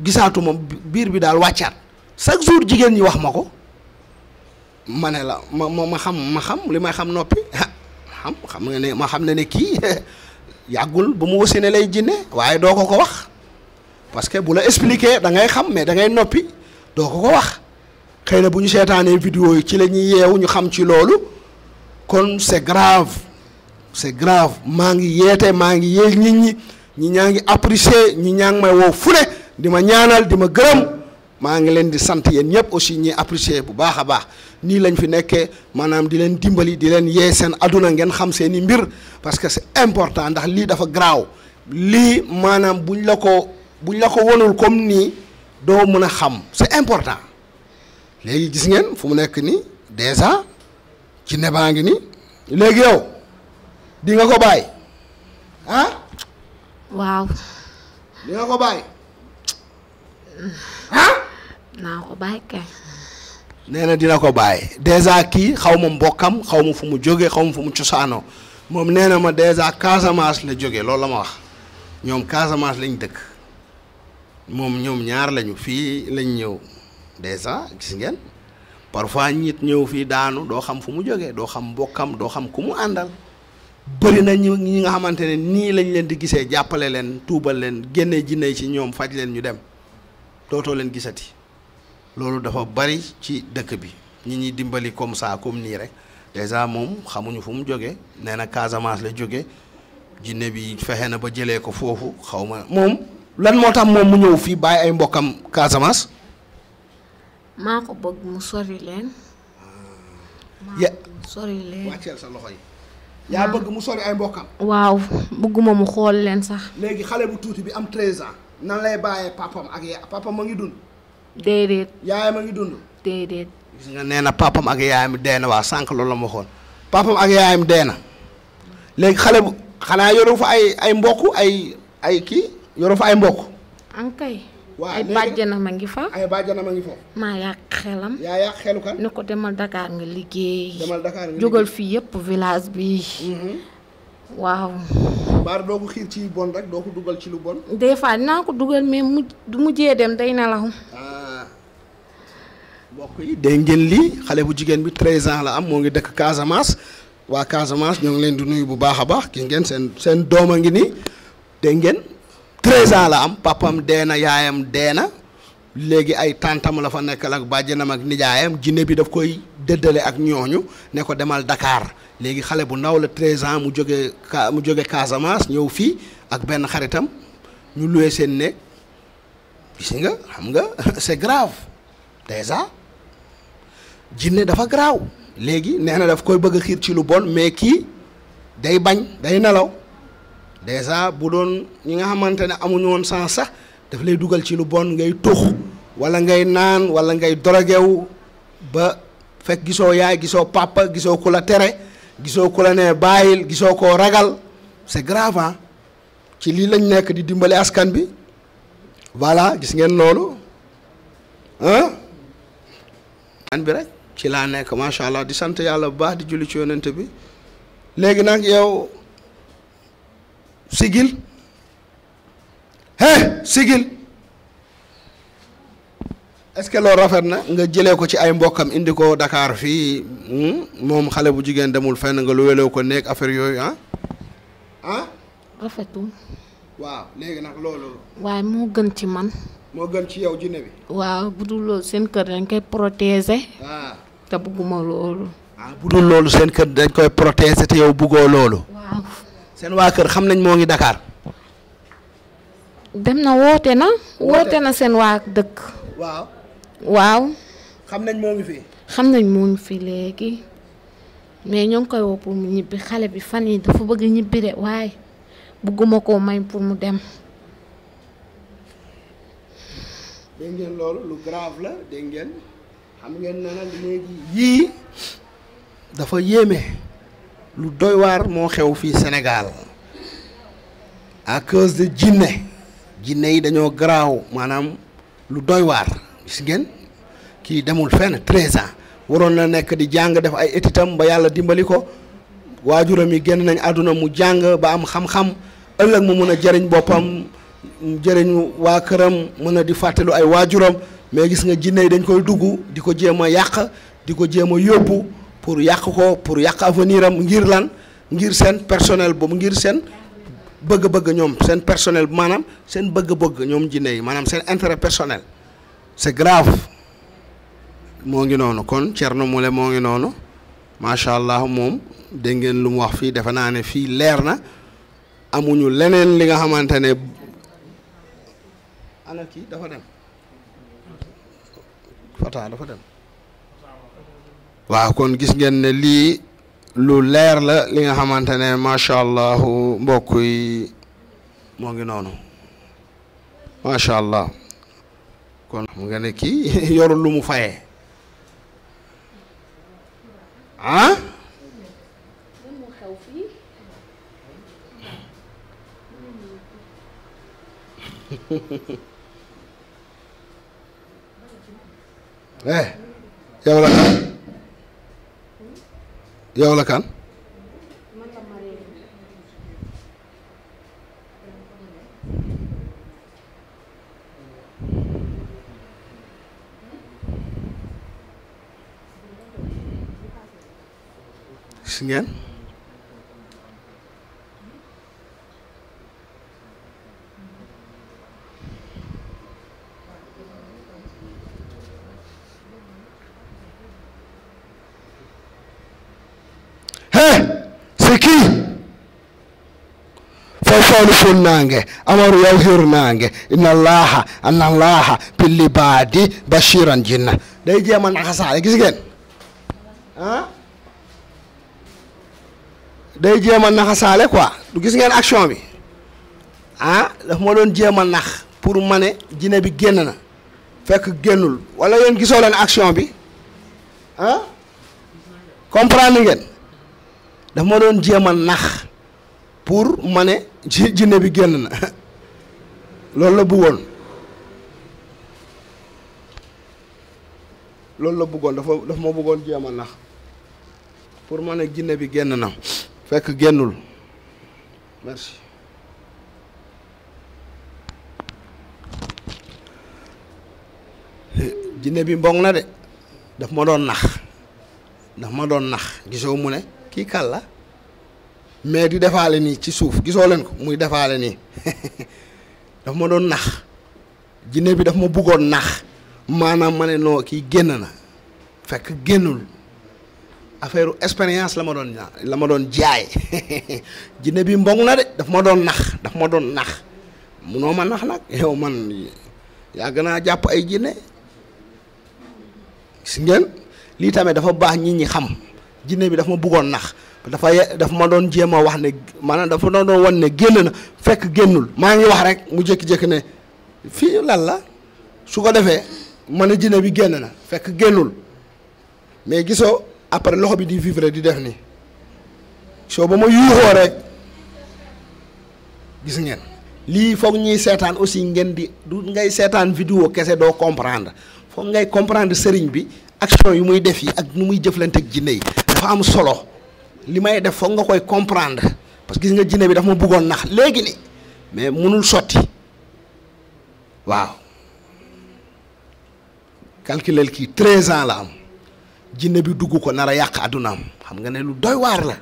gisaatu moom biir bi daal wàccaat chaque jour jigéen ñi wax ma ko ma ne la ma ma ma xam ma xam li may xam noppi ah <laughs> xam nga ne ma xam ne ne kii <laughs> yàggul ba mu wasi ne lay jinne waaye doo ko ko wax parce que bu la expliquer da ngay xam mais da ngay noppi doo ko ko wax xëy na bu ñu seetaanee vidéo yi ci la ñuy yeewu ñu xam ci loolu kon c'est grave c'est grave maa ngi yeete maa ngi yee nit ñi ñi ñaa ngi apprécier ñi ñaa ngi may woo fu ne di ma ñaanal di ma gërëm maa ngi leen di sant yéen ñëpp aussi ñi apprécier bu baax a baax nii lañ fi nekkee maanaam di leen dimbali di leen yee seen adduna ngeen xam seen i mbir parce que c'est important ndax lii dafa garaaw lii maanaam buñ la ko buñ la ko wonul comme nii doo mën a xam c'est important léegi gis ngeen fu mu nekk nii déjà ci nebaa ngi nii léegi yow di nga ko bàyyi ah waaw di nga ko bàyyi ah. na dina ko bàyyi dèjà kii xaw ma mbokkam xaw ma fu mu jógee xaw ma fu mu cosaanoo moom nee na ma dèjà Casamance la jóge loolu la ma wax ñoom Casamance lañ dëkk moom ñoom ñaar lañu fii lañ ñëw dèjà gis ngeen parfois nit ñëw fii daanu doo xam fu mu jógee doo xam mbokkam doo xam ku mu àndal. bëri na ñi ñi nga xamante ne nii lañ leen di gisee jàppale leen tuubal leen génne jinne ci ñoom faj leen ñu dem. tootoo leen gisati loolu dafa bari ci dëkk bi ñi ñuy dimbali comme saa comme nii rek déjà moom xamuñu fu mu jógee nee na Casamance la jóge jinne bi fexe na ba jëlee ko foofu xaw ma moom lan moo tax moom mu ñëw fii bàyyi ay mbokkam Casamance. maa ko bëgg mu sori leen. Ah. sa loxo yi. yaa bëgg mu sori ay mbokkam. waaw bëgguma mu xool leen sax. léegi xale bu tuuti bi am 13 ans. nan lay bàyyee papam ak ya papam ma ngi dund. déedéet. yaayam ma ngi dund. déedéet. gis nga nee na papam ak yaayam dee na waa sànq loolu la ma waxoon papam ak yaayam dee na léegi xale bu xanaa yoru fa ay ay mbokk ay ay kii yoru fa ay mbokk. ankay. waaw ay bàjjanam a ngi fa. ay bàjjanam a ngi fa. maa yàq xelam. yaa yàq xelu kan. ni ko demal Dakar nga liggéey. demal Dakar nga liggéey jógal fii yëpp village bi. Mm-hmm. waaw. baar doo ko xiir ci bon rek doo ko dugal ci lu bon. des fois dinaa ko dugal mais du mujjee dem day nelaw. Ah. mbokk yi dégg ngeen lii xale bu jigéen bi 13 ans la am moo ngi dëkk Casamance waa Casamance ñoo ngi leen di nuyu bu baax a baax ki ngeen seen seen doom a ngi nii de ngeen 13 ans la am papam deena yaayam deena léegi ay tantam la fa nekkal ak na mag nijaayam jinne bi daf koy. dëddale ak ñooñu ne ko demal dakaar léegi xale bu ndaw la 13 ans mu jóge ka mu jóge Casamance ñëw fii ak benn xaritam ñu luwe seen ne gis nga xam nga <laughs> c'est grave déjà jinne dafa graaw léegi nee na daf koy bëgg xiir ci lu bon mais kii day bañ day nelaw déjà bu doon ñi nga xamante ne amuñu woon sens sax daf lay dugal ci lu bon ngay tux wala ngay naan wala ngay dorogew ba fekk gisoo yaay gisoo papa gisoo ku la tere gisoo ku la ne bàyyil gisoo koo ragal c'est grave ci lii lañ nekk di dimbali askan bi voilà gis ngeen loolu ah an bi rek ci laa nekk macha allah di sant yàlla bu baax di julli ci yonent bi léegi nag yow sigil hé sigil est-ce que loolu rafet na nga jëlee ko ci ay mbokkam indi ko Dakar fii hmm? moom xale bu jigéen demul fenn nga luweloo ko nekk affaire yooyu ah ah rafetul waaw léegi nag loolu moo gën ci man moo gën ci yow jinne bi waaw bu dul loolu seen kër dañ koy protéger ah. te bëgguma loolu ah, bu dul loolu seen kër dañ koy protéger te yow bëggoo loolu waaw seen waa kër xam nañ moo ngi Dakar dem na woote na woote na seen waa dëkk waaw. xam nañ moo fi. xam nañ moo ngi fi léegi mais ñoo ngi koy woo pour mu ñibbi xale bi fan yi dafa bëgg ñibbi de waaye bëgguma koo may pour mu dem. dégg ngeen loolu lu grave la dégg ngeen xam ngeen na léegi yii dafa yéeme lu doy waar moo xew fii Sénégal à cause de jinne jinne yi dañoo garaaw maanaam lu doy waar. gis ngeen kii demul fenn treize ans waroon na nekk di jàng def ay étitam yàlla dimbali ko waajuram yi génn nañ àdduna mu jàng ba am xam-xam ëllëg mën a jëriñ boppam jëriñu waa këram mën a di fàttalu ay waajuram mais gis nga jinne yi dañ koy dugg di ko jéem a yàq di ko jéem a yóbbu pour yàq ko pour yàq avenir am ngir lan ngir seen personnel boobu ngir seen bëgg-bëgg ñoom seen personel maanaam seen bëgg-bëgg ñoom jinne yi maanaam seen intérêt personnel c'est grave moo ngi noonu kon Thierno Moule moo ngi noonu macha allah moom dégg ngeen lu wax fii defe naa ne fii leer na amuñu leneen li nga xamante ne ana dafa dem Fata dafa dem waaw kon gis ngeen ne lii lu leer la li nga xamante ne macha allah mbokk yi moo ngi noonu macha allah. kon xam nga ne kii <laughs> yorul lu mu fayee ah <laughs> eh la kan yow la kan gis ngeen fawfawlu fon nangue amaru yawhiru nangue inna allaha anna allaha pilli baadi bashiran jinna day jeeman akasa gis ngeen ah day jéem a naxasaale quoi du gis ngeen action bi ah daf ma doon jéem a nax pour ma ne jinne bi génn na fekk génnul wala yéen gisoo leen action bi ah comprendre ngeen daf ma doon jéem nax pour ma ji jinne bi génn na <laughs> loolu la bëggoon loolu la buggoon dafa daf ma buggoon jéem a nax pour ma ne jinne bi génn na fekk génnul merci eh, jinne bi mboŋ na de daf ma doon nax daf ma doon nax gisoo mu ne kii kal la mais di defaale nii ci suuf gisoo leen ko muy defaale nii <laughs> daf ma doon nax jinne bi daf ma buggoon nax maanaam ma ne noo kii génn na fekk génnul affaire expérience la ma doon la ma doon jaay <laughs> jinne bi mbong na de daf ma doon nax daf ma doon nax munoo ma nax nag yow man yàgg naa jàpp ay jinne gis ngeen lii tamit dafa baax nit ñi xam jinne bi dafa ma buggoon nax dafa dafa ma doon jéem wax ne maanaam dafa doon doon wan ne génn na fekk génnul maa ngi wax rek mu jékki-jékki ne fii lan la su ko defee ma ne jinne bi génn na fekk génnul mais gisoo après loxo bi di vivre di def ni soo ba ma yuuxoo rek gis ngeen lii foog ñuy seetaan aussi ngeen di du ngay seetaan vidéo kese doo comprendre foog ngay comprendre sëriñ bi action yu muy def yi ak nu muy jëflante ak jinne yi dafa am solo li may def foog nga koy comprendre parce que gis nga jinne bi dafa ma bëggoon nax léegi ni mais mënul sotti waaw calculel kii treize ans la am jinne bi dugg ko nar a yàq addunaam xam nga ne lu doy waar la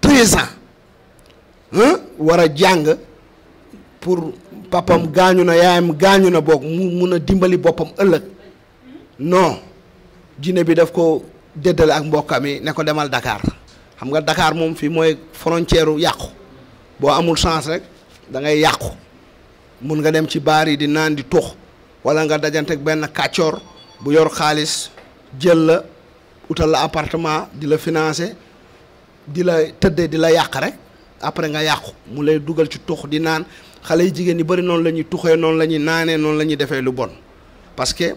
treize ans war a jàng pour papam gaañu na yaayam gaañu na boog mu mun a dimbali boppam ëllëg non jinne bi daf ko déddale ak mbokkam yi ne ko demal dakaar xam nga dakaar moom fii mooy frontière yàqu boo amul chance rek da ngay yàqu mun nga dem ci baar yi di naan di tux wala nga dajante ak benn kàccoor bu yor xaalis jël la utal la appartement di la financer di la tëddee di la yàq rek après nga yàqu mu lay dugal ci tux di naan xale yi jigéen ñi bëri noonu la ñuy tuxee noonu la ñuy naanee noonu lañuy defee lu bon parce que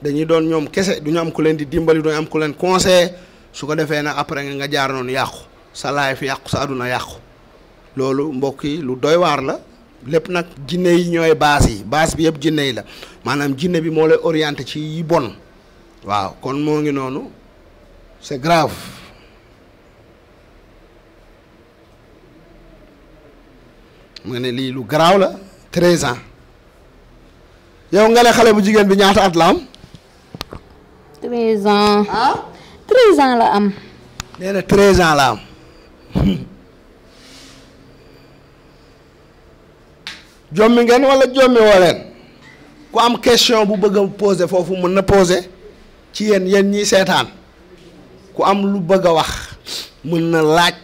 dañuy doon ñoom kese du ñu am ku leen di dimbali du ñu am ku leen conseiller su ko defee nag après nga nga jaar noonu yàqu sa laay fi yàqu sa àdduna yàqu loolu mbokk yi lu doy waar la lépp nag jinne yi ñooy baas yi baas bi yëpp jinne yi la maanaam jinne bi moo ci yi bon waaw kon moo ngi noonu c'est grave mu ne lii lu garaaw la treize ans yow nga ne xale bu jigéen bi ñaata at la am treize ans ah ans la am nee na treize ans la am jommi ngeen walla jommi woo leen ku am question bu bëgg a poser foofu mën na poser ci yéen yéen ñiy seetaan ku am lu bëgg a wax mën na laaj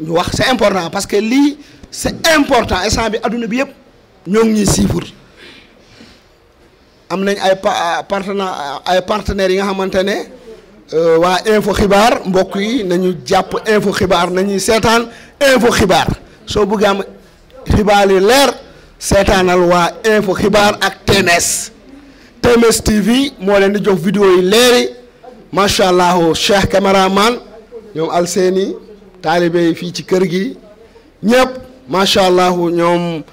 ñu wax c'est important parce que lii c'est important instant bi adduna bi yëpp ñoo ngi siifur am nañ ay partenaire ay partenaires yi nga xamante ne euh, waa info xibaar mbokk yi nañu jàpp info xibaar nañuy seetaan info xibaar soo bëggee am xibaar yu leer seetaanal waa info xibaar ak TNS TMS TV moo leen di jox vidéo yi leeri macha allah Cheikh caméraman ñoom Alseeni taalibe yi fii ci kër gi ñëpp macha allah ñoom.